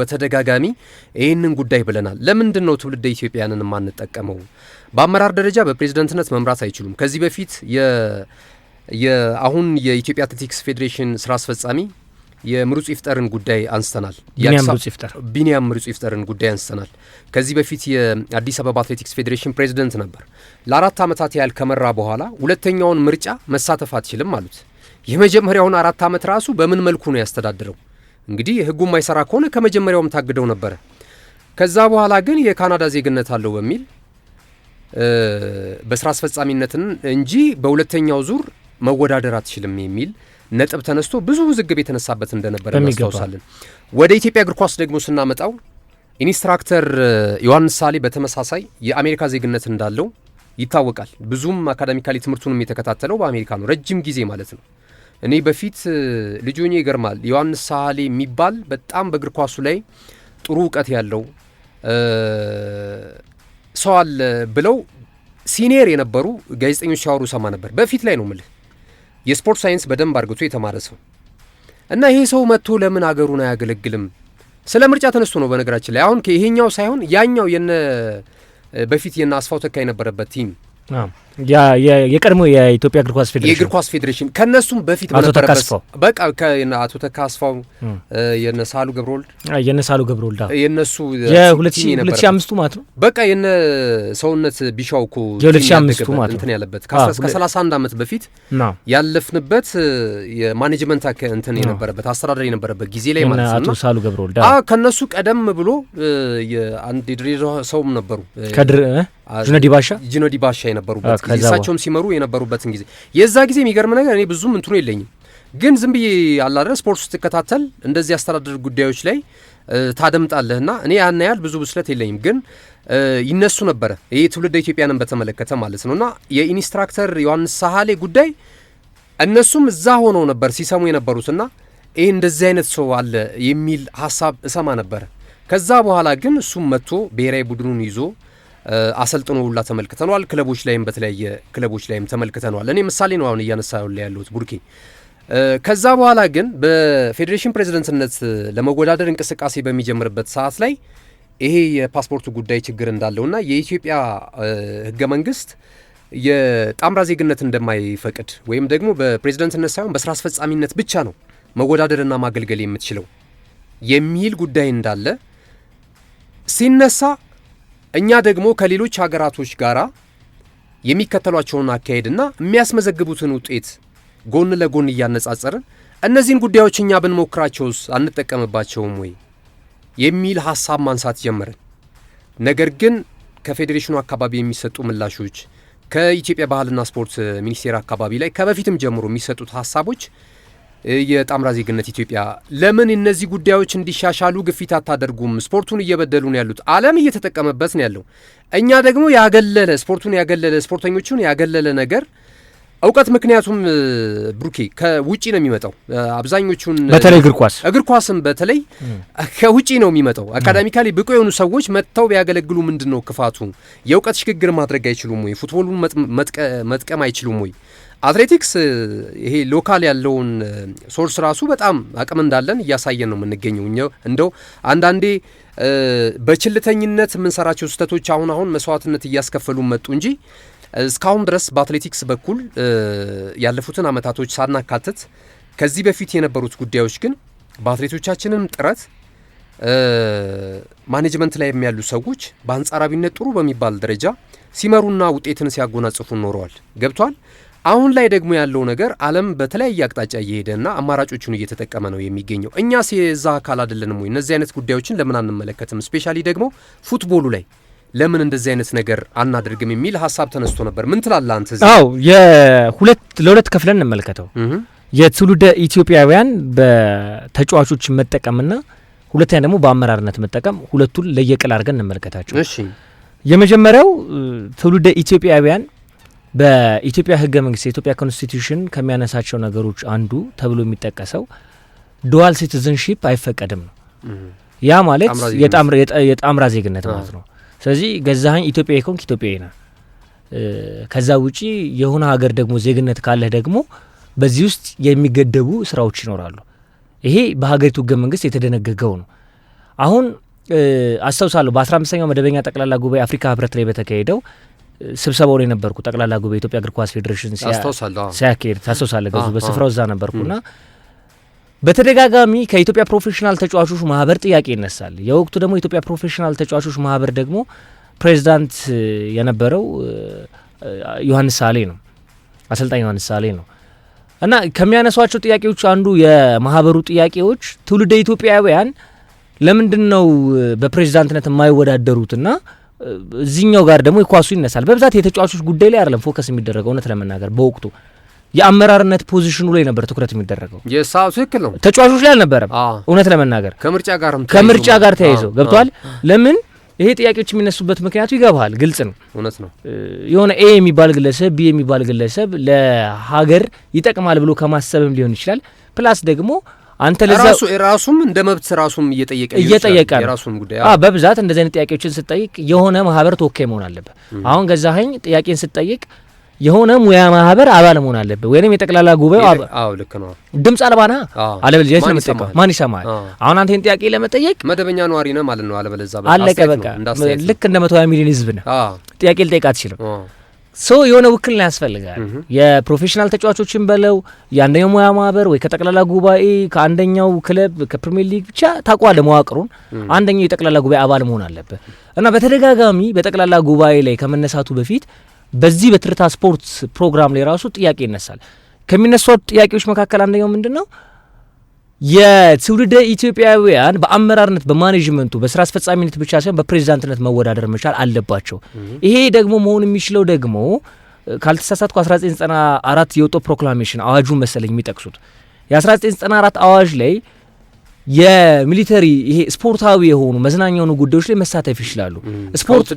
በተደጋጋሚ ይህንን ጉዳይ ብለናል። ለምንድን ነው ትውልደ ኢትዮጵያንን የማንጠቀመው? በአመራር ደረጃ በፕሬዝደንትነት መምራት አይችሉም። ከዚህ በፊት አሁን የኢትዮጵያ አትሌቲክስ ፌዴሬሽን ስራ አስፈጻሚ የምሩጽ ይፍጠርን ጉዳይ አንስተናል። ቢኒያም ምሩጽ ይፍጠርን ጉዳይ አንስተናል። ከዚህ በፊት የአዲስ አበባ አትሌቲክስ ፌዴሬሽን ፕሬዝደንት ነበር። ለአራት ዓመታት ያህል ከመራ በኋላ ሁለተኛውን ምርጫ መሳተፍ አትችልም አሉት። የመጀመሪያውን አራት ዓመት ራሱ በምን መልኩ ነው ያስተዳድረው? እንግዲህ ህጉ የማይሰራ ከሆነ ከመጀመሪያውም ታግደው ነበረ። ከዛ በኋላ ግን የካናዳ ዜግነት አለው በሚል በስራ አስፈጻሚነትን እንጂ በሁለተኛው ዙር መወዳደር አትችልም የሚል ነጥብ ተነስቶ ብዙ ውዝግብ የተነሳበት እንደነበረ እናስታውሳለን። ወደ ኢትዮጵያ እግር ኳስ ደግሞ ስናመጣው ኢንስትራክተር ዮሐንስ ሳሌ በተመሳሳይ የአሜሪካ ዜግነት እንዳለው ይታወቃል። ብዙም አካዳሚካሊ ትምህርቱንም የተከታተለው በአሜሪካ ነው፣ ረጅም ጊዜ ማለት ነው። እኔ በፊት ልጅ ይገርማል ዮሐንስ ሳህሌ የሚባል በጣም በእግር ኳሱ ላይ ጥሩ እውቀት ያለው ሰው አለ ብለው ሲኒየር የነበሩ ጋዜጠኞች ሲያወሩ ሰማ ነበር። በፊት ላይ ነው ምልህ የስፖርት ሳይንስ በደንብ አርግቶ የተማረ ሰው እና ይሄ ሰው መጥቶ ለምን አገሩን አያገለግልም? ስለ ምርጫ ተነስቶ ነው በነገራችን ላይ አሁን ይሄኛው ሳይሆን ያኛው የነ በፊት የነ አስፋው ተካ የነበረበት ቲም የቀድሞ የኢትዮጵያ እግር ኳስ ፌዴሬሽን የእግር ኳስ ፌዴሬሽን ከእነሱም በፊት አቶ ተካስፋው በቃ አቶ ተካስፋው የነሳሉ ገብረወልድ የነሳሉ ገብረወልድ የነሱ የሁለት ሺህ አምስቱ ማለት ነው። በቃ የነ ሰውነት ቢሻው እኮ የሁለት ሺህ አምስቱ ማለት እንትን ያለበት ከሰላሳ አንድ አመት በፊት ያለፍንበት የማኔጅመንት እንትን የነበረበት አስተዳደር የነበረበት ጊዜ ላይ ማለት ነው። አቶ ሳሉ ገብረወልድ ከእነሱ ቀደም ብሎ አንድ የድሬዳዋ ሰውም ነበሩ ከድር ጁነዲ ባሻ ጁነዲ ባሻ የነበሩበት እሳቸውም ሲመሩ የነበሩበትን ጊዜ የዛ ጊዜ የሚገርም ነገር እኔ ብዙም እንትኑ የለኝም፣ ግን ዝም ብዬ አላደረ ስፖርት ስትከታተል እንደዚህ አስተዳደር ጉዳዮች ላይ ታደምጣለህ እና እኔ ያን ያህል ብዙ ብስለት የለኝም፣ ግን ይነሱ ነበረ ይህ ትውልደ ኢትዮጵያንን በተመለከተ ማለት ነው እና የኢንስትራክተር ዮሐንስ ሳህሌ ጉዳይ እነሱም እዛ ሆነው ነበር ሲሰሙ የነበሩትና ይህ እንደዚህ አይነት ሰው አለ የሚል ሀሳብ እሰማ ነበር ከዛ በኋላ ግን እሱም መጥቶ ብሔራዊ ቡድኑን ይዞ አሰልጥኖ ሁላ ተመልክተነዋል። ክለቦች ላይም በተለያየ ክለቦች ላይም ተመልክተነዋል። እኔ ምሳሌ ነው አሁን እያነሳ ያለሁት ቡርኪ። ከዛ በኋላ ግን በፌዴሬሽን ፕሬዝደንትነት ለመወዳደር እንቅስቃሴ በሚጀምርበት ሰዓት ላይ ይሄ የፓስፖርቱ ጉዳይ ችግር እንዳለውና የኢትዮጵያ ህገ መንግስት የጣምራ ዜግነት እንደማይፈቅድ ወይም ደግሞ በፕሬዝደንትነት ሳይሆን በስራ አስፈጻሚነት ብቻ ነው መወዳደርና ማገልገል የምትችለው የሚል ጉዳይ እንዳለ ሲነሳ እኛ ደግሞ ከሌሎች ሀገራቶች ጋር የሚከተሏቸውን አካሄድና የሚያስመዘግቡትን ውጤት ጎን ለጎን እያነጻጸርን እነዚህን ጉዳዮች እኛ ብንሞክራቸውስ አንጠቀምባቸውም ወይ የሚል ሀሳብ ማንሳት ጀመርን። ነገር ግን ከፌዴሬሽኑ አካባቢ የሚሰጡ ምላሾች ከኢትዮጵያ ባህልና ስፖርት ሚኒስቴር አካባቢ ላይ ከበፊትም ጀምሮ የሚሰጡት ሀሳቦች የጣምራ ዜግነት ኢትዮጵያ ለምን እነዚህ ጉዳዮች እንዲሻሻሉ ግፊት አታደርጉም? ስፖርቱን እየበደሉ ነው ያሉት። ዓለም እየተጠቀመበት ነው ያለው። እኛ ደግሞ ያገለለ ስፖርቱን ያገለለ ስፖርተኞቹን ያገለለ ነገር እውቀት ምክንያቱም ብሩኬ ከውጪ ነው የሚመጣው። አብዛኞቹን በተለይ እግር ኳስ እግር ኳስም በተለይ ከውጪ ነው የሚመጣው። አካዳሚካሊ ብቁ የሆኑ ሰዎች መጥተው ቢያገለግሉ ምንድን ነው ክፋቱ? የእውቀት ሽግግር ማድረግ አይችሉም ወይ? ፉትቦሉን መጥቀም አይችሉም ወይ? አትሌቲክስ ይሄ ሎካል ያለውን ሶርስ ራሱ በጣም አቅም እንዳለን እያሳየን ነው የምንገኘው። እንደው አንዳንዴ በችልተኝነት የምንሰራቸው ስህተቶች አሁን አሁን መስዋዕትነት እያስከፈሉ መጡ እንጂ እስካሁን ድረስ በአትሌቲክስ በኩል ያለፉትን አመታቶች ሳናካትት ከዚህ በፊት የነበሩት ጉዳዮች ግን በአትሌቶቻችንም ጥረት ማኔጅመንት ላይ የሚያሉ ሰዎች በአንጻራዊነት ጥሩ በሚባል ደረጃ ሲመሩና ውጤትን ሲያጎናጽፉ ኖረዋል። ገብቷል። አሁን ላይ ደግሞ ያለው ነገር ዓለም በተለያየ አቅጣጫ እየሄደና አማራጮቹን እየተጠቀመ ነው የሚገኘው። እኛ የዛ አካል አይደለንም ወይ? እነዚህ አይነት ጉዳዮችን ለምን አንመለከትም? ስፔሻሊ ደግሞ ፉትቦሉ ላይ ለምን እንደዚህ አይነት ነገር አናደርግም የሚል ሀሳብ ተነስቶ ነበር። ምን ትላለህ አንተ? አዎ የሁለት ለሁለት ከፍለን እንመልከተው። የትውልደ ኢትዮጵያውያን በተጫዋቾች መጠቀምና ሁለተኛ ደግሞ በአመራርነት መጠቀም፣ ሁለቱን ለየቅል አድርገን እንመልከታቸው። እሺ የመጀመሪያው ትውልደ ኢትዮጵያውያን በኢትዮጵያ ህገ መንግስት የኢትዮጵያ ኮንስቲቱሽን ከሚያነሳቸው ነገሮች አንዱ ተብሎ የሚጠቀሰው ዱዋል ሲቲዝንሺፕ አይፈቀድም ነው። ያ ማለት የጣምራ ዜግነት ማለት ነው። ስለዚህ ገዛኸኝ ኢትዮጵያ ኮንክ ኢትዮጵያዊ ነህ። ከዛ ውጪ የሆነ ሀገር ደግሞ ዜግነት ካለህ ደግሞ በዚህ ውስጥ የሚገደቡ ስራዎች ይኖራሉ። ይሄ በሀገሪቱ ህገ መንግስት የተደነገገው ነው። አሁን አስታውሳለሁ በ 15 መደበኛ ጠቅላላ ጉባኤ አፍሪካ ህብረት ላይ በተካሄደው ስብሰባው ላይ ነበርኩ። ጠቅላላ ጉባኤ ኢትዮጵያ እግር ኳስ ፌዴሬሽን ሲያካሄድ ታስታውሳለህ? ገዙ በስፍራው እዛ ና በተደጋጋሚ ከኢትዮጵያ ፕሮፌሽናል ተጫዋቾች ማህበር ጥያቄ ይነሳል። የወቅቱ ደግሞ የኢትዮጵያ ፕሮፌሽናል ተጫዋቾች ማህበር ደግሞ ፕሬዚዳንት የነበረው ዮሐንስ ሳሌ ነው፣ አሰልጣኝ ዮሐንስ ሳሌ ነው። እና ከሚያነሷቸው ጥያቄዎች አንዱ የማህበሩ ጥያቄዎች ትውልደ ኢትዮጵያውያን ለምንድን ነው በፕሬዚዳንትነት የማይወዳደሩትና እዚህኛው ጋር ደግሞ የኳሱ ይነሳል። በብዛት የተጫዋቾች ጉዳይ ላይ አይደለም ፎከስ የሚደረገው እውነት ለመናገር በወቅቱ የአመራርነት ፖዚሽኑ ላይ ነበር ትኩረት የሚደረገው። ትክክል ነው። ተጫዋቾች ላይ አልነበረም። እውነት ለመናገር ከምርጫ ጋር ከምርጫ ጋር ተያይዘው ገብተዋል። ለምን ይሄ ጥያቄዎች የሚነሱበት ምክንያቱ ይገባል፣ ግልጽ ነው። እውነት ነው። የሆነ ኤ የሚባል ግለሰብ ቢ የሚባል ግለሰብ ለሀገር ይጠቅማል ብሎ ከማሰብም ሊሆን ይችላል ፕላስ ደግሞ አንተ ለዛ ራሱም እንደ መብት ራሱም እየጠየቀ እየጠየቀ የራሱም ጉዳይ አዎ፣ በብዛት እንደዚህ አይነት ጥያቄዎችን ስጠይቅ የሆነ ማህበር ተወካይ መሆን አለበት። አሁን ገዛኸኝ ጥያቄን ስጠይቅ የሆነ ሙያ ማህበር አባል መሆን አለበት ወይንም የጠቅላላ ጉባኤው አዎ፣ ልክ ነው። ድምጽ አልባና አለበለዚያ የት ነው የምትጠይቀው? ማን ይሰማል? አሁን አንተን ጥያቄ ለመጠየቅ መደበኛ ነዋሪ ነህ ማለት ነው። አለበለዚያ አለቀ፣ በቃ ልክ እንደ 120 ሚሊዮን ህዝብ ነህ። ጥያቄ ልጠይቅ አትችልም። ሰው የሆነ ውክልና ያስፈልጋል። የፕሮፌሽናል ተጫዋቾችን በለው የአንደኛው ሙያ ማህበር ወይ ከጠቅላላ ጉባኤ ከአንደኛው ክለብ ከፕሪሚየር ሊግ ብቻ ታቋለ መዋቅሩን አንደኛው የጠቅላላ ጉባኤ አባል መሆን አለበት እና በተደጋጋሚ በጠቅላላ ጉባኤ ላይ ከመነሳቱ በፊት በዚህ በትርታ ስፖርት ፕሮግራም ላይ ራሱ ጥያቄ ይነሳል። ከሚነሷት ጥያቄዎች መካከል አንደኛው ምንድን ነው የትውልደ ኢትዮጵያውያን በአመራርነት በማኔጅመንቱ በስራ አስፈጻሚነት ብቻ ሳይሆን በፕሬዚዳንትነት መወዳደር መቻል አለባቸው። ይሄ ደግሞ መሆን የሚችለው ደግሞ ካልተሳሳትኩ 1994 የወጣው ፕሮክላሜሽን አዋጁ መሰለኝ የሚጠቅሱት የ1994 አዋጅ ላይ የሚሊተሪ ይሄ ስፖርታዊ የሆኑ መዝናኛ የሆኑ ጉዳዮች ላይ መሳተፍ ይችላሉ። ስፖርት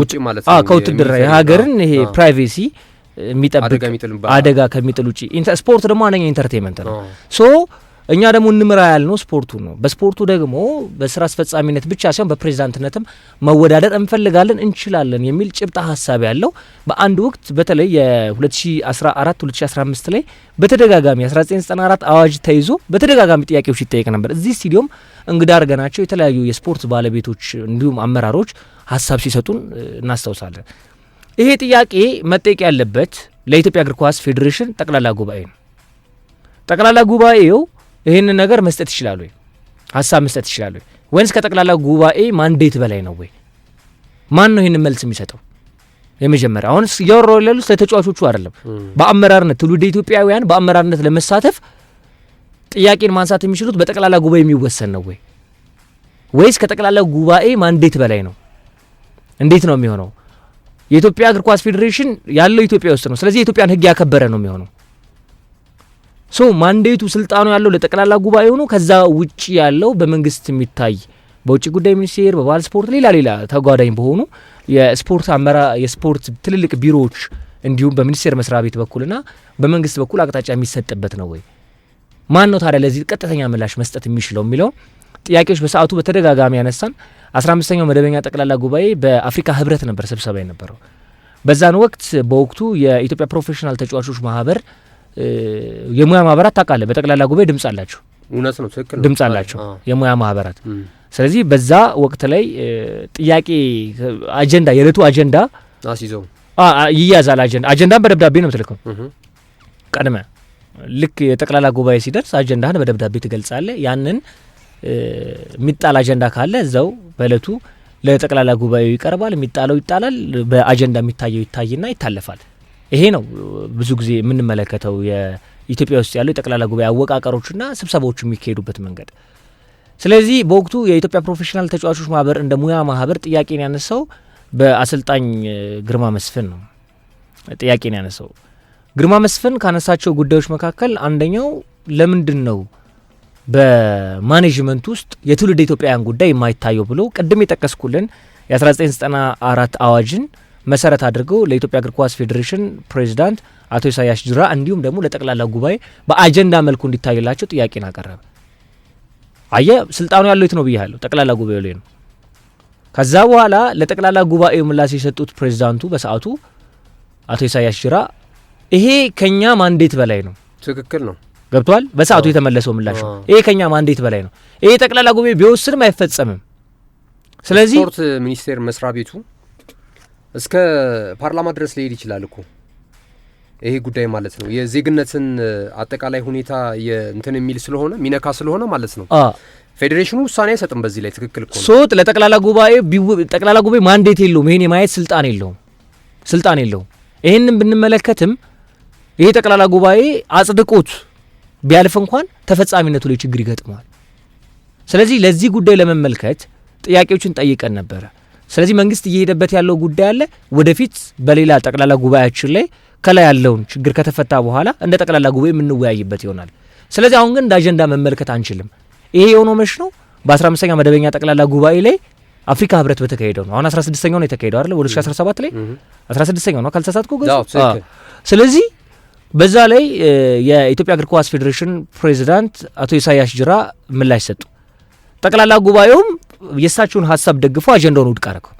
ውጭ ማለት ነው። ከውትድርና የሀገርን ይሄ ፕራይቬሲ የሚጠብቅ አደጋ ከሚጥል ውጭ ስፖርት ደግሞ አንደኛ ኢንተርቴንመንት ነው። ሶ እኛ ደግሞ እንምራ ያልነው ስፖርቱ ነው። በስፖርቱ ደግሞ በስራ አስፈጻሚነት ብቻ ሳይሆን በፕሬዚዳንትነትም መወዳደር እንፈልጋለን፣ እንችላለን የሚል ጭብጣ ሀሳብ ያለው በአንድ ወቅት በተለይ የ2014 2015 ላይ በተደጋጋሚ 1994 አዋጅ ተይዞ በተደጋጋሚ ጥያቄዎች ይጠየቅ ነበር። እዚህ ስቱዲዮም እንግዳ አድርገናቸው የተለያዩ የስፖርት ባለቤቶች እንዲሁም አመራሮች ሀሳብ ሲሰጡን እናስታውሳለን። ይሄ ጥያቄ መጠየቅ ያለበት ለኢትዮጵያ እግር ኳስ ፌዴሬሽን ጠቅላላ ጉባኤ ነው። ጠቅላላ ጉባኤው ይህንን ነገር መስጠት ይችላሉ ወይ? ሀሳብ መስጠት ይችላሉ ወይ? ወይንስ ከጠቅላላ ጉባኤ ማንዴት በላይ ነው ወይ? ማን ነው ይህንን መልስ የሚሰጠው? የመጀመሪያ አሁን እያወራሁ ያለሁት ለተጫዋቾቹ አይደለም። በአመራርነት ትውልደ ኢትዮጵያውያን በአመራርነት ለመሳተፍ ጥያቄን ማንሳት የሚችሉት በጠቅላላ ጉባኤ የሚወሰን ነው ወይ? ወይስ ከጠቅላላ ጉባኤ ማንዴት በላይ ነው? እንዴት ነው የሚሆነው? የኢትዮጵያ እግር ኳስ ፌዴሬሽን ያለው ኢትዮጵያ ውስጥ ነው። ስለዚህ የኢትዮጵያን ህግ ያከበረ ነው የሚሆነው። ሶ ማንዴቱ ስልጣኑ ያለው ለጠቅላላ ጉባኤ ነው። ከዛ ውጭ ያለው በመንግስት የሚታይ በውጭ ጉዳይ ሚኒስቴር፣ በባህል ስፖርት፣ ሌላ ሌላ ተጓዳኝ በሆኑ የስፖርት አመራ የስፖርት ትልልቅ ቢሮዎች እንዲሁም በሚኒስቴር መስሪያ ቤት በኩልና በመንግስት በኩል አቅጣጫ የሚሰጥበት ነው ወይ? ማን ነው ታዲያ ለዚህ ቀጥተኛ ምላሽ መስጠት የሚችለው የሚለው ጥያቄዎች በሰዓቱ በተደጋጋሚ ያነሳን አስራ አምስተኛው መደበኛ ጠቅላላ ጉባኤ በአፍሪካ ህብረት ነበር ስብሰባ የነበረው። በዛን ወቅት በወቅቱ የኢትዮጵያ ፕሮፌሽናል ተጫዋቾች ማህበር የሙያ ማህበራት ታውቃለህ፣ በጠቅላላ ጉባኤ ድምጽ አላቸው። እውነት ነው፣ ትክክል ነው። ድምጽ አላቸው የሙያ ማህበራት። ስለዚህ በዛ ወቅት ላይ ጥያቄ አጀንዳ የዕለቱ አጀንዳ አስይዘው ይያዛል። አጀንዳ አጀንዳን በደብዳቤ ነው ትልክ ቀድመ ልክ የጠቅላላ ጉባኤ ሲደርስ አጀንዳህን በደብዳቤ ትገልጻለህ። ያንን የሚጣል አጀንዳ ካለ እዛው በእለቱ ለጠቅላላ ጉባኤው ይቀርባል። የሚጣለው ይጣላል። በአጀንዳ የሚታየው ይታይና ይታለፋል። ይሄ ነው ብዙ ጊዜ የምንመለከተው የኢትዮጵያ ውስጥ ያለው የጠቅላላ ጉባኤ አወቃቀሮችና ስብሰባዎች የሚካሄዱበት መንገድ። ስለዚህ በወቅቱ የኢትዮጵያ ፕሮፌሽናል ተጫዋቾች ማህበር እንደ ሙያ ማህበር ጥያቄን ያነሳው በአሰልጣኝ ግርማ መስፍን ነው። ጥያቄን ያነሳው ግርማ መስፍን ካነሳቸው ጉዳዮች መካከል አንደኛው ለምንድን ነው በማኔጅመንት ውስጥ የትውልድ ኢትዮጵያውያን ጉዳይ የማይታየው ብሎ ቅድም የጠቀስኩልን የ1994 አዋጅን መሰረት አድርገው ለኢትዮጵያ እግር ኳስ ፌዴሬሽን ፕሬዚዳንት አቶ ኢሳያስ ጅራ እንዲሁም ደግሞ ለጠቅላላ ጉባኤ በአጀንዳ መልኩ እንዲታይላቸው ጥያቄን አቀረበ። አየ ስልጣኑ ያለው የት ነው ብያለሁ፣ ጠቅላላ ጉባኤ ላይ ነው። ከዛ በኋላ ለጠቅላላ ጉባኤው ምላሽ የሰጡት ፕሬዚዳንቱ በሰዓቱ አቶ ኢሳያስ ጅራ ይሄ ከኛ ማንዴት በላይ ነው፣ ትክክል ነው ገብቷል። በሰዓቱ የተመለሰው ምላሽ ነው። ይሄ ከኛ ማንዴት በላይ ነው። ይሄ ጠቅላላ ጉባኤ ቢወስንም አይፈጸምም። ስለዚህ ስፖርት ሚኒስቴር መስሪያ ቤቱ እስከ ፓርላማ ድረስ ሊሄድ ይችላል እኮ ይሄ ጉዳይ ማለት ነው። የዜግነትን አጠቃላይ ሁኔታ እንትን የሚል ስለሆነ ሚነካ ስለሆነ ማለት ነው። ፌዴሬሽኑ ውሳኔ አይሰጥም በዚህ ላይ ትክክል እኮ ሶት ለጠቅላላ ጉባኤ ጠቅላላ ጉባኤ ማንዴት የለውም። ይሄን የማየት ስልጣን የለውም ስልጣን የለውም። ይህንን ብንመለከትም ይሄ ጠቅላላ ጉባኤ አጽድቆት ቢያልፍ እንኳን ተፈጻሚነቱ ላይ ችግር ይገጥመዋል። ስለዚህ ለዚህ ጉዳይ ለመመልከት ጥያቄዎችን ጠይቀን ነበረ። ስለዚህ መንግስት እየሄደበት ያለው ጉዳይ አለ። ወደፊት በሌላ ጠቅላላ ጉባኤያችን ላይ ከላይ ያለውን ችግር ከተፈታ በኋላ እንደ ጠቅላላ ጉባኤ የምንወያይበት ይሆናል። ስለዚህ አሁን ግን እንደ አጀንዳ መመልከት አንችልም። ይሄ የሆነው መች ነው? በ15ኛ መደበኛ ጠቅላላ ጉባኤ ላይ አፍሪካ ህብረት በተካሄደው ነው። አሁን 16ኛው ነው የተካሄደው አይደል? 2017 ላይ 16ኛው ነው ካልተሳሳትኩ። ስለዚህ በዛ ላይ የኢትዮጵያ እግር ኳስ ፌዴሬሽን ፕሬዚዳንት አቶ ኢሳያስ ጅራ ምላሽ ሰጡ። ጠቅላላ ጉባኤውም የእሳቸውን ሀሳብ ደግፎ አጀንዳውን ውድቅ አረገው።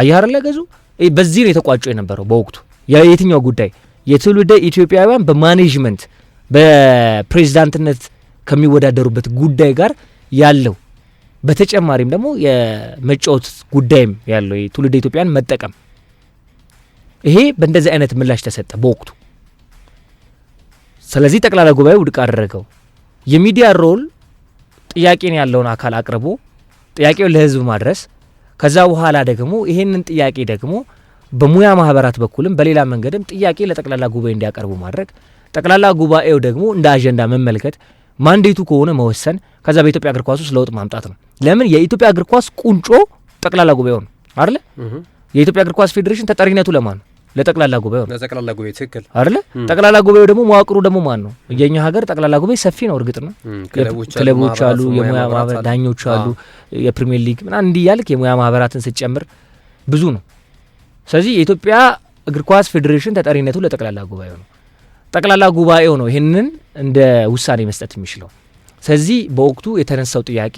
አያርለ ገዙ በዚህ ነው የተቋጩ የነበረው በወቅቱ የትኛው ጉዳይ የትውልደ ኢትዮጵያውያን በማኔጅመንት በፕሬዚዳንትነት ከሚወዳደሩበት ጉዳይ ጋር ያለው በተጨማሪም ደግሞ የመጫወት ጉዳይም ያለው የትውልደ ኢትዮጵያን መጠቀም ይሄ በእንደዚህ አይነት ምላሽ ተሰጠ በወቅቱ። ስለዚህ ጠቅላላ ጉባኤ ውድቅ አደረገው። የሚዲያ ሮል ጥያቄን ያለውን አካል አቅርቦ ጥያቄውን ለህዝብ ማድረስ ከዛ በኋላ ደግሞ ይሄንን ጥያቄ ደግሞ በሙያ ማህበራት በኩልም በሌላ መንገድም ጥያቄ ለጠቅላላ ጉባኤ እንዲያቀርቡ ማድረግ ጠቅላላ ጉባኤው ደግሞ እንደ አጀንዳ መመልከት ማንዴቱ ከሆነ መወሰን ከዛ በኢትዮጵያ እግር ኳስ ውስጥ ለውጥ ማምጣት ነው። ለምን የኢትዮጵያ እግር ኳስ ቁንጮ ጠቅላላ ጉባኤው ነው አይደለ? የኢትዮጵያ እግር ኳስ ፌዴሬሽን ተጠሪነቱ ለማን ነው? ለጠቅላላ ጉባኤ ነው። ለጠቅላላ ጉባኤ ትክክል አይደለ? ጠቅላላ ጉባኤው ደግሞ መዋቅሩ ደግሞ ማን ነው? የኛ ሀገር ጠቅላላ ጉባኤ ሰፊ ነው። እርግጥ ነው ክለቦች አሉ፣ የሙያ ማህበራት፣ ዳኞች አሉ፣ የፕሪሚየር ሊግ ምናምን እንዲህ እያልክ የሙያ ማህበራትን ስትጨምር ብዙ ነው። ስለዚህ የኢትዮጵያ እግር ኳስ ፌዴሬሽን ተጠሪነቱ ለጠቅላላ ጉባኤው ነው። ጠቅላላ ጉባኤው ነው ይህንን እንደ ውሳኔ መስጠት የሚችለው። ስለዚህ በወቅቱ የተነሳው ጥያቄ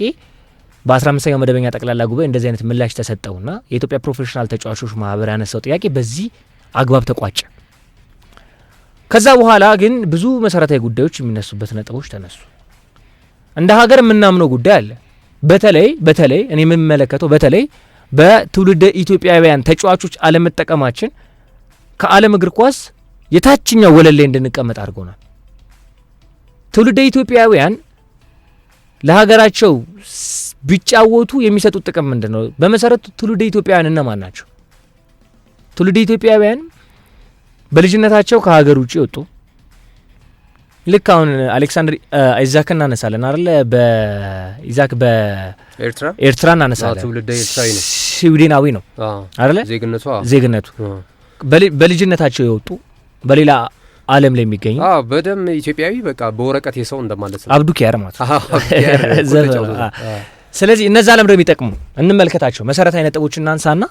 በ15ኛው መደበኛ ጠቅላላ ጉባኤ እንደዚህ አይነት ምላሽ ተሰጠውና የኢትዮጵያ ፕሮፌሽናል ተጫዋቾች ማህበር ያነሳው ጥያቄ በዚህ አግባብ ተቋጨ። ከዛ በኋላ ግን ብዙ መሰረታዊ ጉዳዮች የሚነሱበት ነጥቦች ተነሱ። እንደ ሀገር የምናምነው ጉዳይ አለ። በተለይ በተለይ እኔ የምመለከተው በተለይ በትውልደ ኢትዮጵያውያን ተጫዋቾች አለመጠቀማችን ከዓለም እግር ኳስ የታችኛው ወለል ላይ እንድንቀመጥ አድርጎናል። ትውልደ ኢትዮጵያውያን ለሀገራቸው ቢጫወቱ የሚሰጡት ጥቅም ምንድን ነው? በመሰረቱ ትውልደ ኢትዮጵያውያን እነማን ናቸው? ትውልድ ኢትዮጵያውያን በልጅነታቸው ከሀገር ውጭ ወጡ። ልክ አሁን አሌክሳንደር ኢዛክ እናነሳለን አለ በኢዛክ በኤርትራ ኤርትራ እናነሳለን። ስዊድናዊ ነው አለ ዜግነቱ። በልጅነታቸው የወጡ በሌላ ዓለም ላይ የሚገኙ በደም ኢትዮጵያዊ በቃ በወረቀት የሰው እንደማለት ነው። አብዱ ኪያር ማለት ስለዚህ እነዛ ዓለም ደግሞ የሚጠቅሙ እንመልከታቸው። መሰረታዊ ነጥቦች እናንሳና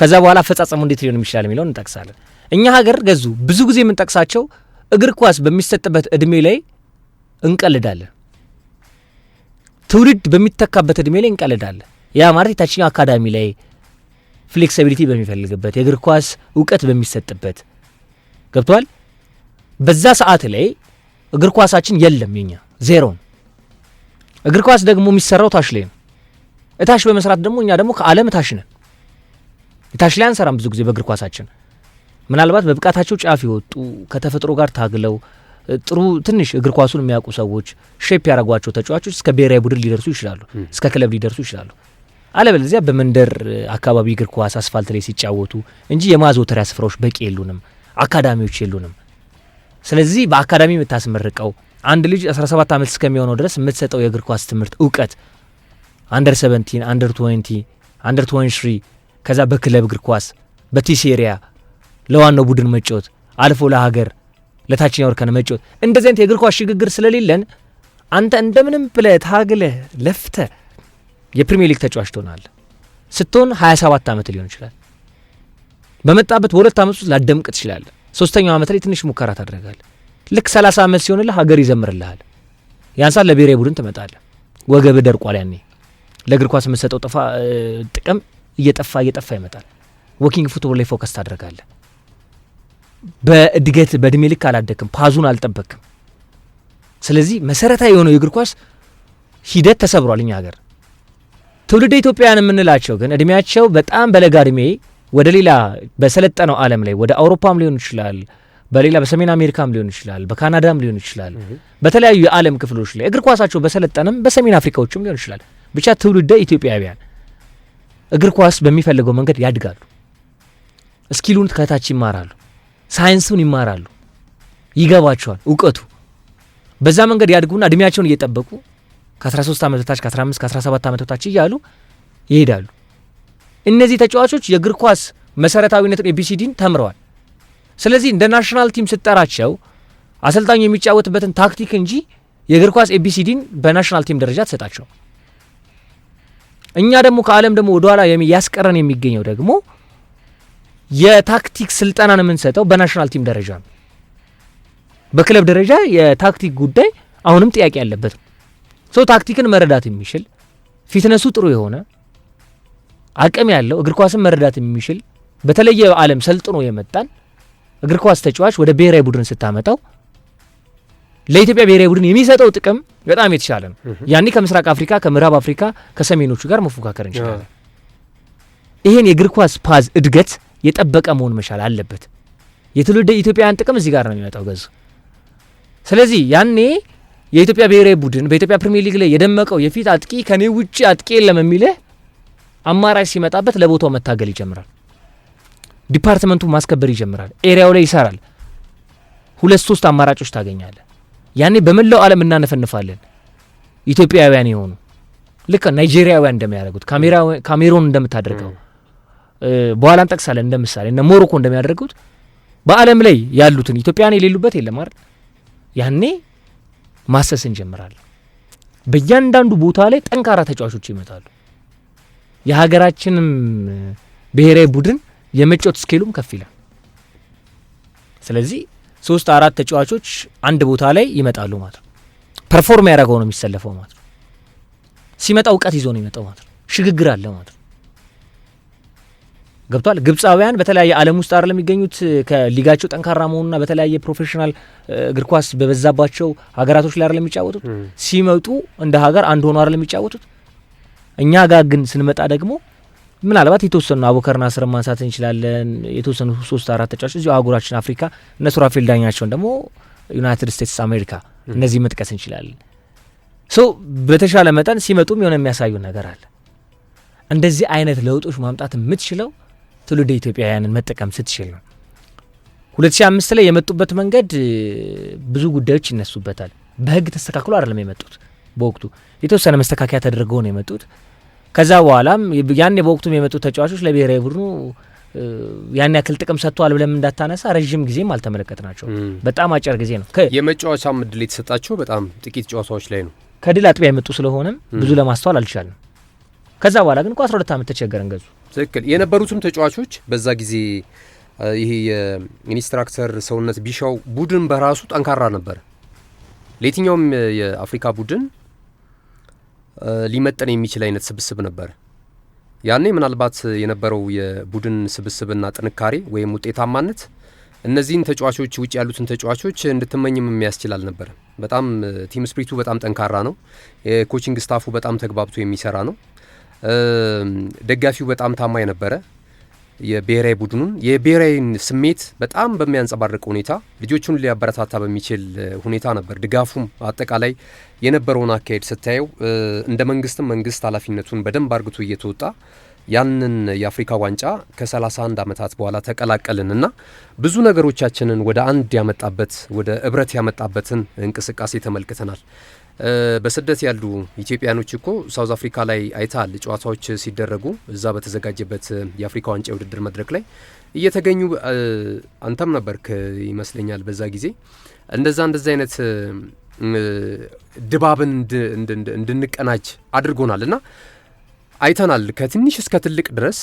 ከዛ በኋላ አፈጻጸሙ እንዴት ሊሆን ይችላል የሚለውን እንጠቅሳለን። እኛ ሀገር ገዙ ብዙ ጊዜ የምንጠቅሳቸው እግር ኳስ በሚሰጥበት እድሜ ላይ እንቀልዳለን። ትውልድ በሚተካበት እድሜ ላይ እንቀልዳለን። ያ ማለት የታችኛው አካዳሚ ላይ ፍሌክሲቢሊቲ በሚፈልግበት የእግር ኳስ እውቀት በሚሰጥበት ገብቷል። በዛ ሰዓት ላይ እግር ኳሳችን የለም የኛ ዜሮን። እግር ኳስ ደግሞ የሚሰራው ታች ላይ ነው። እታች በመስራት ደግሞ እኛ ደግሞ ከዓለም እታች ነን። ታች ላይ አንሰራም ብዙ ጊዜ በእግር ኳሳችን። ምናልባት በብቃታቸው ጫፍ የወጡ ከተፈጥሮ ጋር ታግለው ጥሩ ትንሽ እግር ኳሱን የሚያውቁ ሰዎች ሼፕ ያደረጓቸው ተጫዋቾች እስከ ብሔራዊ ቡድን ሊደርሱ ይችላሉ፣ እስከ ክለብ ሊደርሱ ይችላሉ። አለበለዚያ በመንደር አካባቢ እግር ኳስ አስፋልት ላይ ሲጫወቱ እንጂ የማዘውተሪያ ስፍራዎች በቂ የሉንም፣ አካዳሚዎች የሉንም። ስለዚህ በአካዳሚ የምታስመርቀው አንድ ልጅ 17 ዓመት እስከሚሆነው ድረስ የምትሰጠው የእግር ኳስ ትምህርት እውቀት አንደር 17 አንደር 20 አንደር 23 ከዛ በክለብ እግር ኳስ በቲሴሪያ ለዋናው ቡድን መጫወት አልፎ ለሀገር ለታችኛው እርከን መጫወት እንደዚህ አይነት የእግር ኳስ ሽግግር ስለሌለን አንተ እንደምንም ብለህ ታግለህ ለፍተህ የፕሪሚየር ሊግ ተጫዋች ትሆናለህ። ስትሆን 27 ዓመት ሊሆን ይችላል። በመጣበት በሁለት ዓመት ውስጥ ላደምቅ ትችላለህ። ሶስተኛው ዓመት ላይ ትንሽ ሙከራ ታደርጋለህ። ልክ 30 ዓመት ሲሆንልህ ሀገር ይዘምርልሃል። ያንሳል ለብሔራዊ ቡድን ትመጣለህ። ወገብህ ደርቋል። ያኔ ለእግር ኳስ የምትሰጠው ጥፋ ጥቅም እየጠፋ እየጠፋ ይመጣል። ወኪንግ ፉትቦል ላይ ፎከስ ታደርጋለ። በእድገት በእድሜ ልክ አላደክም፣ ፓዙን አልጠበክም። ስለዚህ መሰረታዊ የሆነው የእግር ኳስ ሂደት ተሰብሯል። እኛ ሀገር ትውልደ ኢትዮጵያውያን የምንላቸው ግን እድሜያቸው በጣም በለጋ እድሜ ወደ ሌላ በሰለጠነው ዓለም ላይ ወደ አውሮፓም ሊሆን ይችላል፣ በሌላ በሰሜን አሜሪካም ሊሆን ይችላል፣ በካናዳም ሊሆን ይችላል፣ በተለያዩ የዓለም ክፍሎች ላይ እግር ኳሳቸው በሰለጠነም በሰሜን አፍሪካዎችም ሊሆን ይችላል። ብቻ ትውልደ ኢትዮጵያውያን እግር ኳስ በሚፈልገው መንገድ ያድጋሉ። እስኪሉን ከታች ይማራሉ፣ ሳይንሱን ይማራሉ፣ ይገባቸዋል እውቀቱ። በዛ መንገድ ያድጉና እድሜያቸውን እየጠበቁ ከ13 ዓመት በታች ከ15 ከ17 ዓመት በታች እያሉ ይሄዳሉ። እነዚህ ተጫዋቾች የእግር ኳስ መሰረታዊነትን ኤቢሲዲን ተምረዋል። ስለዚህ እንደ ናሽናል ቲም ስጠራቸው አሰልጣኙ የሚጫወትበትን ታክቲክ እንጂ የእግር ኳስ ኤቢሲዲን በናሽናል ቲም ደረጃ ትሰጣቸው እኛ ደግሞ ከዓለም ደግሞ ወደኋላ ያስቀረን የሚገኘው ደግሞ የታክቲክ ስልጠናን የምንሰጠው በናሽናል ቲም ደረጃ ነው። በክለብ ደረጃ የታክቲክ ጉዳይ አሁንም ጥያቄ ያለበት ሰው ታክቲክን መረዳት የሚችል ፊትነሱ ጥሩ የሆነ አቅም ያለው እግር ኳስን መረዳት የሚችል በተለየ ዓለም ሰልጥኖ የመጣን እግር ኳስ ተጫዋች ወደ ብሔራዊ ቡድን ስታመጣው ለኢትዮጵያ ብሔራዊ ቡድን የሚሰጠው ጥቅም በጣም የተሻለ ነው። ያኔ ከምስራቅ አፍሪካ፣ ከምዕራብ አፍሪካ፣ ከሰሜኖቹ ጋር መፎካከር እንችላለን። ይሄን የእግር ኳስ ፓዝ እድገት የጠበቀ መሆን መቻል አለበት። የትውልደ ኢትዮጵያውያን ጥቅም እዚህ ጋር ነው የሚመጣው ገዙ። ስለዚህ ያኔ የኢትዮጵያ ብሔራዊ ቡድን በኢትዮጵያ ፕሪሚየር ሊግ ላይ የደመቀው የፊት አጥቂ ከኔ ውጭ አጥቂ የለም የሚልህ አማራጭ ሲመጣበት ለቦታው መታገል ይጀምራል። ዲፓርትመንቱ ማስከበር ይጀምራል። ኤሪያው ላይ ይሰራል። ሁለት ሶስት አማራጮች ታገኛለህ። ያኔ በመላው ዓለም እናነፈንፋለን። ኢትዮጵያውያን የሆኑ ልክ ናይጄሪያውያን እንደሚያደርጉት ካሜሮን እንደምታደርገው በኋላ እንጠቅሳለን እንደምሳሌ እነ ሞሮኮ እንደሚያደርጉት በዓለም ላይ ያሉትን ኢትዮጵያን የሌሉበት የለም አይደል? ያኔ ማሰስ እንጀምራለን። በእያንዳንዱ ቦታ ላይ ጠንካራ ተጫዋቾች ይመጣሉ። የሀገራችንም ብሔራዊ ቡድን የመጫወት ስኬሉም ከፍ ይላል። ስለዚህ ሶስት አራት ተጫዋቾች አንድ ቦታ ላይ ይመጣሉ ማለት ነው። ፐርፎርም ያደረገው ነው የሚሰለፈው ማለት ነው። ሲመጣ እውቀት ይዞ ነው የሚመጣው ማለት ነው። ሽግግር አለ ማለት ነው። ገብቷል። ግብፃውያን በተለያየ ዓለም ውስጥ አይደለም የሚገኙት ከሊጋቸው ጠንካራ መሆኑና በተለያየ ፕሮፌሽናል እግር ኳስ በበዛባቸው ሀገራቶች ላይ አይደለም የሚጫወቱት። ሲመጡ እንደ ሀገር አንድ ሆኖ አይደለም የሚጫወቱት። እኛ ጋር ግን ስንመጣ ደግሞ ምናልባት የተወሰኑ አቡከርና ስር ማንሳት እንችላለን። የተወሰኑ ሶስት አራት ተጫዋቾች እዚሁ አህጉራችን አፍሪካ እነ ሱራፌል ዳኛቸውን ደግሞ ዩናይትድ ስቴትስ አሜሪካ እነዚህ መጥቀስ እንችላለን። ሶ በተሻለ መጠን ሲመጡም የሆነ የሚያሳዩ ነገር አለ። እንደዚህ አይነት ለውጦች ማምጣት የምትችለው ትውልደ ኢትዮጵያውያንን መጠቀም ስትችል ነው። 2005 ላይ የመጡበት መንገድ ብዙ ጉዳዮች ይነሱበታል። በህግ ተስተካክሎ አይደለም የመጡት። በወቅቱ የተወሰነ መስተካከያ ተደርገው ነው የመጡት። ከዛ በኋላም ያኔ በወቅቱም የመጡ ተጫዋቾች ለብሔራዊ ቡድኑ ያን ያክል ጥቅም ሰጥተዋል ብለም እንዳታነሳ ረዥም ጊዜም አልተመለከት ናቸው። በጣም አጭር ጊዜ ነው። የመጫወቻ ምድል የተሰጣቸው በጣም ጥቂት ጨዋታዎች ላይ ነው። ከድል አጥቢያ የመጡ ስለሆነም ብዙ ለማስተዋል አልቻልም። ከዛ በኋላ ግን እኮ 12 ዓመት ተቸገረን። ገዙ ትክክል የነበሩትም ተጫዋቾች በዛ ጊዜ ይሄ የኢንስትራክተር ሰውነት ቢሻው ቡድን በራሱ ጠንካራ ነበር። ለየትኛውም የአፍሪካ ቡድን ሊመጠን የሚችል አይነት ስብስብ ነበር። ያኔ ምናልባት የነበረው የቡድን ስብስብና ጥንካሬ ወይም ውጤታማነት እነዚህን ተጫዋቾች ውጭ ያሉትን ተጫዋቾች እንድትመኝም የሚያስችል አልነበር። በጣም ቲም ስፕሪቱ በጣም ጠንካራ ነው። የኮቺንግ ስታፉ በጣም ተግባብቶ የሚሰራ ነው። ደጋፊው በጣም ታማኝ ነበረ። የብሔራዊ ቡድኑን የብሔራዊን ስሜት በጣም በሚያንጸባርቅ ሁኔታ ልጆቹን ሊያበረታታ በሚችል ሁኔታ ነበር። ድጋፉም አጠቃላይ የነበረውን አካሄድ ስታየው እንደ መንግስትም መንግስት ኃላፊነቱን በደንብ አርግቶ እየተወጣ ያንን የአፍሪካ ዋንጫ ከ31 ዓመታት በኋላ ተቀላቀልንና ብዙ ነገሮቻችንን ወደ አንድ ያመጣበት ወደ እብረት ያመጣበትን እንቅስቃሴ ተመልክተናል። በስደት ያሉ ኢትዮጵያኖች እኮ ሳውዝ አፍሪካ ላይ አይታል ጨዋታዎች ሲደረጉ እዛ በተዘጋጀበት የአፍሪካ ዋንጫ የውድድር መድረክ ላይ እየተገኙ አንተም ነበርክ ይመስለኛል በዛ ጊዜ እንደዛ እንደዛ አይነት ድባብን እንድንቀናጅ አድርጎናል እና አይተናል ከትንሽ እስከ ትልቅ ድረስ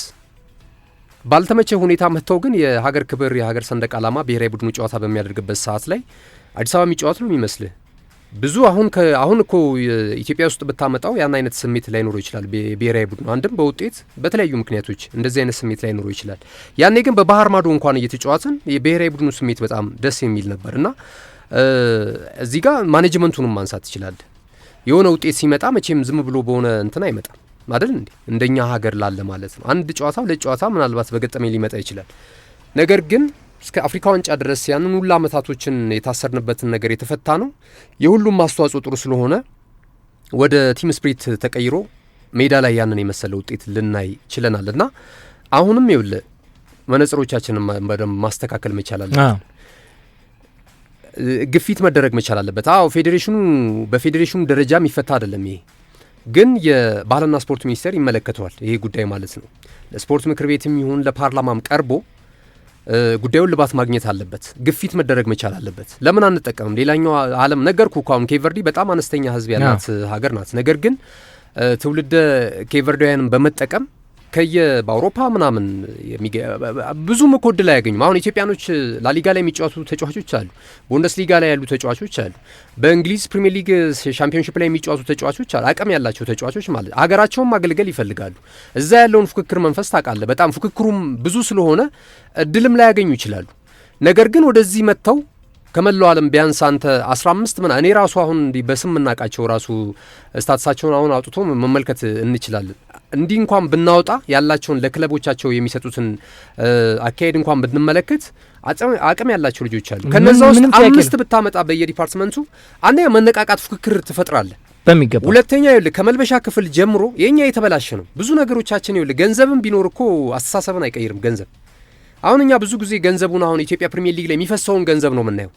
ባልተመቸ ሁኔታ መጥተው ግን የሀገር ክብር የሀገር ሰንደቅ ዓላማ ብሔራዊ ቡድኑ ጨዋታ በሚያደርግበት ሰዓት ላይ አዲስ አበባ የሚጫወት ነው የሚመስልህ። ብዙ አሁን አሁን እኮ ኢትዮጵያ ውስጥ ብታመጣው ያን አይነት ስሜት ላይኖረው ይችላል ብሔራዊ ቡድኑ አንድም በውጤት በተለያዩ ምክንያቶች እንደዚህ አይነት ስሜት ላይኖረው ይችላል። ያኔ ግን በባህር ማዶ እንኳን እየተጫዋትን የብሔራዊ ቡድኑ ስሜት በጣም ደስ የሚል ነበር እና እዚህ ጋር ማኔጅመንቱንም ማንሳት ትችላለ። የሆነ ውጤት ሲመጣ መቼም ዝም ብሎ በሆነ እንትን አይመጣም አደል እንዴ? እንደኛ ሀገር ላለ ማለት ነው። አንድ ጨዋታ ሁለት ጨዋታ ምናልባት በገጠመኝ ሊመጣ ይችላል። ነገር ግን እስከ አፍሪካ ዋንጫ ድረስ ያንን ሁሉ አመታቶችን የታሰርንበትን ነገር የተፈታ ነው። የሁሉም አስተዋጽኦ ጥሩ ስለሆነ ወደ ቲም ስፕሪት ተቀይሮ ሜዳ ላይ ያንን የመሰለ ውጤት ልናይ ችለናል። እና አሁንም ይኸውልህ መነጽሮቻችንን በደንብ ማስተካከል መቻላለ። ግፊት መደረግ መቻል አለበት። አዎ ፌዴሬሽኑ በፌዴሬሽኑ ደረጃ የሚፈታ አይደለም ይሄ ግን የባህልና ስፖርት ሚኒስቴር ይመለከተዋል ይሄ ጉዳይ ማለት ነው። ለስፖርት ምክር ቤትም ይሁን ለፓርላማም ቀርቦ ጉዳዩን ልባት ማግኘት አለበት። ግፊት መደረግ መቻል አለበት። ለምን አንጠቀምም? ሌላኛው ዓለም ነገርኩ እኮ አሁን ኬቨርዲ በጣም አነስተኛ ህዝብ ያላት ሀገር ናት። ነገር ግን ትውልደ ኬቨርዲውያንን በመጠቀም ከየ በአውሮፓ ምናምን ብዙም እኮ እድል አያገኙም። አሁን ኢትዮጵያኖች ላሊጋ ላይ የሚጫወቱ ተጫዋቾች አሉ፣ ሊጋ ላይ ያሉ ተጫዋቾች አሉ፣ በእንግሊዝ ፕሪሚየር ሊግ ሻምፒዮንሽፕ ላይ የሚጫወቱ ተጫዋቾች አሉ። አቅም ያላቸው ተጫዋቾች ማለት አገራቸውን ማገልገል ይፈልጋሉ። እዛ ያለውን ፉክክር መንፈስ ታውቃለህ። በጣም ፉክክሩም ብዙ ስለሆነ እድልም ላያገኙ ይችላሉ። ነገር ግን ወደዚህ መጥተው ከመላው ዓለም ቢያንስ አንተ 15 ምና እኔ ራሱ አሁን በስም እናውቃቸው ራሱ ስታትሳቸውን አሁን አውጥቶ መመልከት እንችላለን። እንዲህ እንኳን ብናወጣ ያላቸውን ለክለቦቻቸው የሚሰጡትን አካሄድ እንኳን ብንመለከት አቅም ያላቸው ልጆች አሉ። ከነዛ ውስጥ አምስት ብታመጣ በየዲፓርትመንቱ አንደኛ መነቃቃት ፉክክር ትፈጥራለህ በሚገባ ሁለተኛ፣ ይኸውልህ ከመልበሻ ክፍል ጀምሮ የኛ የተበላሸ ነው ብዙ ነገሮቻችን። ይኸውልህ ገንዘብም ቢኖር እኮ አስተሳሰብን አይቀይርም። ገንዘብ አሁን እኛ ብዙ ጊዜ ገንዘቡን አሁን ኢትዮጵያ ፕሪሚየር ሊግ ላይ የሚፈሰውን ገንዘብ ነው የምናየው።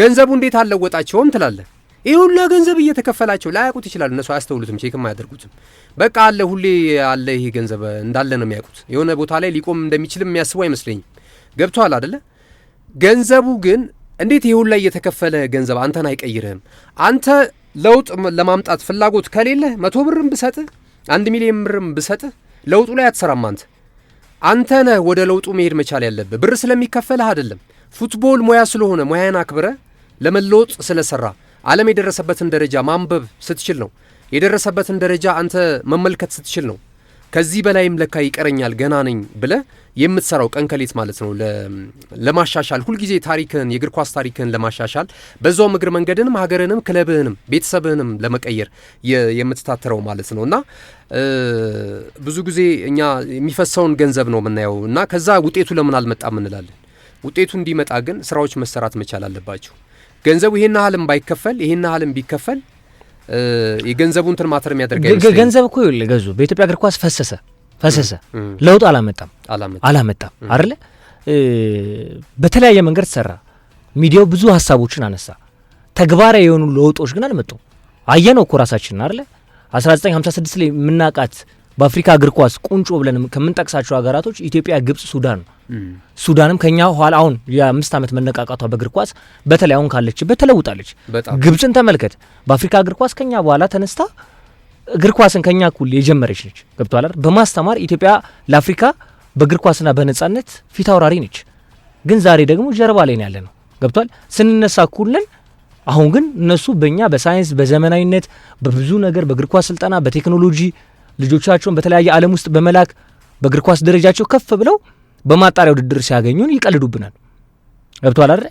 ገንዘቡ እንዴት አለወጣቸውም ትላለህ ይህ ሁላ ገንዘብ እየተከፈላቸው ላያውቁት ይችላሉ። እነሱ አያስተውሉትም፣ ቼክም አያደርጉትም። በቃ አለ፣ ሁሌ አለ፣ ይሄ ገንዘብ እንዳለ ነው የሚያውቁት። የሆነ ቦታ ላይ ሊቆም እንደሚችልም የሚያስቡ አይመስለኝም። ገብቷል አደለ? ገንዘቡ ግን እንዴት ይሁን ሁላ እየተከፈለ ገንዘብ አንተን አይቀይርህም? አንተ ለውጥ ለማምጣት ፍላጎት ከሌለ መቶ ብርም ብሰጥህ አንድ ሚሊዮን ብርም ብሰጥህ ለውጡ ላይ አትሰራም አንተ አንተ ነህ ወደ ለውጡ መሄድ መቻል ያለብህ። ብር ስለሚከፈልህ አይደለም። ፉትቦል ሙያ ስለሆነ ሙያን አክብረ ለመለወጥ ስለሰራ ዓለም የደረሰበትን ደረጃ ማንበብ ስትችል ነው። የደረሰበትን ደረጃ አንተ መመልከት ስትችል ነው። ከዚህ በላይም ለካ ይቀረኛል ገና ነኝ ብለ የምትሰራው ቀን ከሌት ማለት ነው። ለማሻሻል ሁልጊዜ ታሪክን የእግር ኳስ ታሪክን ለማሻሻል በዛውም እግር መንገድንም ሀገርንም ክለብህንም ቤተሰብህንም ለመቀየር የምትታተረው ማለት ነው እና ብዙ ጊዜ እኛ የሚፈሰውን ገንዘብ ነው የምናየው እና ከዛ ውጤቱ ለምን አልመጣም እንላለን። ውጤቱ እንዲመጣ ግን ስራዎች መሰራት መቻል አለባቸው። ገንዘቡ ይሄን ያህልም ባይከፈል ይሄን ያህልም ቢከፈል የገንዘቡ እንትን ማተር የሚያደርግ ገንዘብ እኮ ይኸውልህ ገዙ በኢትዮጵያ እግር ኳስ ፈሰሰ ፈሰሰ፣ ለውጥ አላመጣም አላመጣም አይደለ? በተለያየ መንገድ ተሰራ። ሚዲያው ብዙ ሀሳቦችን አነሳ። ተግባራዊ የሆኑ ለውጦች ግን አልመጡም። አየነው እኮ ራሳችን አይደለ 1956 ላይ የምናውቃት በአፍሪካ እግር ኳስ ቁንጮ ብለን ከምንጠቅሳቸው ሀገራቶች ኢትዮጵያ፣ ግብጽ፣ ሱዳን ሱዳንም ከኛ ኋላ አሁን የአምስት ዓመት መነቃቃቷ በእግር ኳስ በተለይ አሁን ካለችበት ተለውጣለች። ግብጽን ተመልከት። በአፍሪካ እግር ኳስ ከኛ በኋላ ተነስታ እግር ኳስን ከኛ እኩል የጀመረች ነች። ገብቷል። በማስተማር ኢትዮጵያ ለአፍሪካ በእግር ኳስና በነጻነት ፊት አውራሪ ነች። ግን ዛሬ ደግሞ ጀርባ ላይ ያለ ነው። ገብቷል። ስንነሳ እኩል ነን። አሁን ግን እነሱ በእኛ በሳይንስ በዘመናዊነት በብዙ ነገር በእግር ኳስ ስልጠና በቴክኖሎጂ ልጆቻቸውን በተለያየ ዓለም ውስጥ በመላክ በእግር ኳስ ደረጃቸው ከፍ ብለው በማጣሪያ ውድድር ሲያገኙን ይቀልዱብናል። ገብቷል አይደል?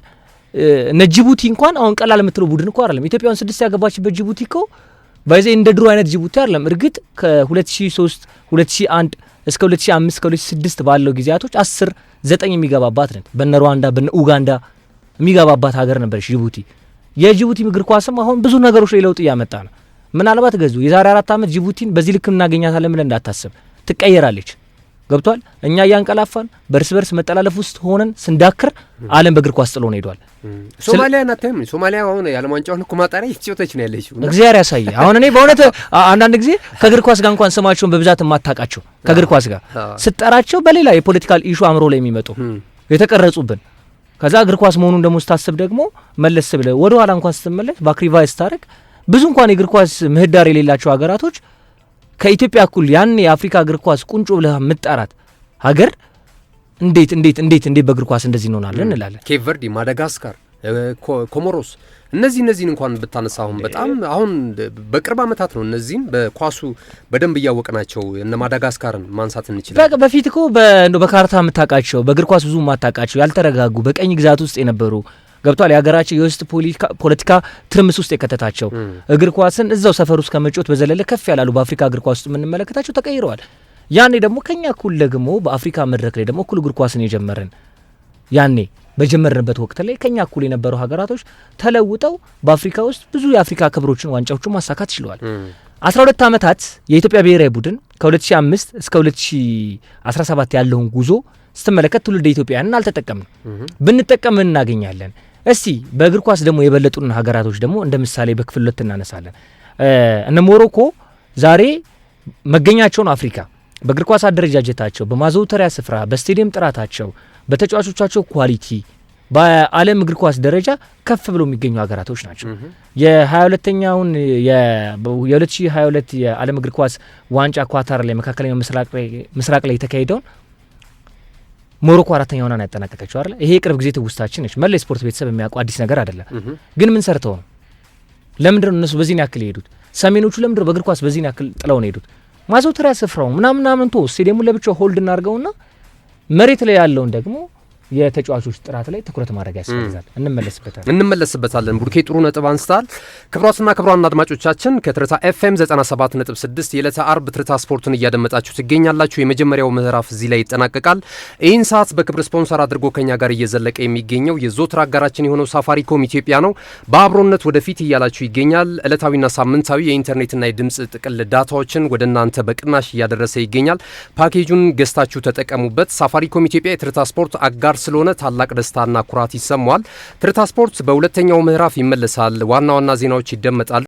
እነ ጅቡቲ እንኳን አሁን ቀላል የምትለው ቡድን እኮ አይደለም። ኢትዮጵያን ስድስት ያገባችበት ጅቡቲ እኮ ባይዘ እንደ ድሮ አይነት ጅቡቲ አይደለም። እርግጥ ከ2003 2001 እስከ 2005 እስከ 2006 ባለው ጊዜያቶች 10 9 የሚገባባት ነት በነ ሩዋንዳ በነ ኡጋንዳ የሚገባባት ሀገር ነበረች ጅቡቲ። የጅቡቲ እግር ኳስም አሁን ብዙ ነገሮች ላይ ለውጥ እያመጣ ነው። ምናልባት ገዙ የዛሬ አራት ዓመት ጅቡቲን በዚህ ልክ እናገኛታለን ብለን እንዳታስብ፣ ትቀየራለች። ገብቷል። እኛ እያንቀላፋን በእርስ በርስ መጠላለፍ ውስጥ ሆነን ስንዳክር ዓለም በእግር ኳስ ጥሎ ነው ሄዷል። ሶማሊያ ናታይም ሶማሊያ አሁን የዓለም ዋንጫውን እኮ ማጣሪያ የተጫወተች ነው ያለችው። እግዚአብሔር ያሳየ። አሁን እኔ በእውነት አንዳንድ ጊዜ ከእግር ኳስ ጋር እንኳን ስማቸውን በብዛት የማታውቃቸው ከእግር ኳስ ጋር ስጠራቸው በሌላ የፖለቲካል ኢሹ አእምሮ ላይ የሚመጡ የተቀረጹብን ከዛ እግር ኳስ መሆኑን ደግሞ ስታስብ ደግሞ መለስ ብለህ ወደ ኋላ እንኳን ስትመለስ ባክሪቫይስ ታደርግ ብዙ እንኳን የእግር ኳስ ምህዳር የሌላቸው ሀገራቶች ከኢትዮጵያ እኩል ያን የአፍሪካ እግር ኳስ ቁንጮ ብለህ የምትጠራት ሀገር እንዴት እንዴት እንዴት እንዴት በእግር ኳስ እንደዚህ እንሆናለን እንላለን። ኬፕ ቨርዲ፣ ማዳጋስካር፣ ኮሞሮስ እነዚህ እነዚህን እንኳን ብታነሳ አሁን በጣም አሁን በቅርብ ዓመታት ነው እነዚህም በኳሱ በደንብ እያወቅናቸው እነ ማዳጋስካርን ማንሳት እንችላለን። በፊት እኮ በካርታ የምታውቃቸው በእግር ኳስ ብዙ የማታውቃቸው ያልተረጋጉ በቀኝ ግዛት ውስጥ የነበሩ ገብቷል። የሀገራችን የውስጥ ፖለቲካ ትርምስ ውስጥ የከተታቸው እግር ኳስን እዛው ሰፈር ውስጥ ከመጮት በዘለለ ከፍ ያላሉ በአፍሪካ እግር ኳስ ውስጥ የምንመለከታቸው ተቀይረዋል። ያኔ ደግሞ ከኛ እኩል ደግሞ በአፍሪካ መድረክ ላይ ደግሞ እኩል እግር ኳስን የጀመርን ያኔ በጀመርንበት ወቅት ላይ ከኛ እኩል የነበሩ ሀገራቶች ተለውጠው በአፍሪካ ውስጥ ብዙ የአፍሪካ ክብሮችን ዋንጫዎችን ማሳካት ችለዋል። 12 ዓመታት የኢትዮጵያ ብሔራዊ ቡድን ከ2005 እስከ 2017 ያለውን ጉዞ ስትመለከት ትውልድ ኢትዮጵያውያንን አልተጠቀምን ብንጠቀም እናገኛለን። እስቲ በእግር ኳስ ደግሞ የበለጡን ሀገራቶች ደግሞ እንደ ምሳሌ በክፍል ሁለት እናነሳለን። እነ ሞሮኮ ዛሬ መገኛቸውን አፍሪካ በእግር ኳስ አደረጃጀታቸው፣ በማዘውተሪያ ስፍራ፣ በስቴዲየም ጥራታቸው፣ በተጫዋቾቻቸው ኳሊቲ በዓለም እግር ኳስ ደረጃ ከፍ ብሎ የሚገኙ ሀገራቶች ናቸው። የ22ተኛውን የ2022 የዓለም እግር ኳስ ዋንጫ ኳታር ላይ መካከለኛው ምስራቅ ላይ የተካሄደውን ሞሮኮ አራተኛ ሆና ነው ያጠናቀቀችው አይደል? ይሄ የቅርብ ጊዜ ትውስታችን ነች። መላ የስፖርት ቤተሰብ የሚያውቁ አዲስ ነገር አይደለም። ግን ምን ሰርተው ነው? ለምንድን ነው እነሱ በዚህን ያክል የሄዱት? ሰሜኖቹ ለምንድን ነው በእግር ኳስ በዚህን ያክል ጥለው ነው የሄዱት? ማዘውተሪያ ስፍራው ምናምን ምናምን ቶ ስቴዲየሙን ለብቻው ሆልድ እናድርገውና መሬት ላይ ያለውን ደግሞ የተጫዋቾች ጥራት ላይ ትኩረት ማድረግ ያስፈልጋል። እንመለስበታል እንመለስበታለን። ቡርኬ ጥሩ ነጥብ አንስታል። ክቡራትና ክቡራን አድማጮቻችን ከትርታ ኤፍኤም 97.6 የዕለተ አርብ ትርታ ስፖርትን እያደመጣችሁ ትገኛላችሁ። የመጀመሪያው ምዕራፍ እዚህ ላይ ይጠናቀቃል። ይህን ሰዓት በክብር ስፖንሰር አድርጎ ከኛ ጋር እየዘለቀ የሚገኘው የዞትር አጋራችን የሆነው ሳፋሪኮም ኢትዮጵያ ነው። በአብሮነት ወደፊት እያላችሁ ይገኛል። ዕለታዊና ሳምንታዊ የኢንተርኔትና የድምፅ ጥቅል ዳታዎችን ወደ እናንተ በቅናሽ እያደረሰ ይገኛል። ፓኬጁን ገዝታችሁ ተጠቀሙበት። ሳፋሪኮም ኢትዮጵያ የትርታ ስፖርት አጋር ስለሆነ ታላቅ ደስታና ኩራት ይሰማዋል። ትርታ ስፖርት በሁለተኛው ምዕራፍ ይመለሳል። ዋና ዋና ዜናዎች ይደመጣሉ።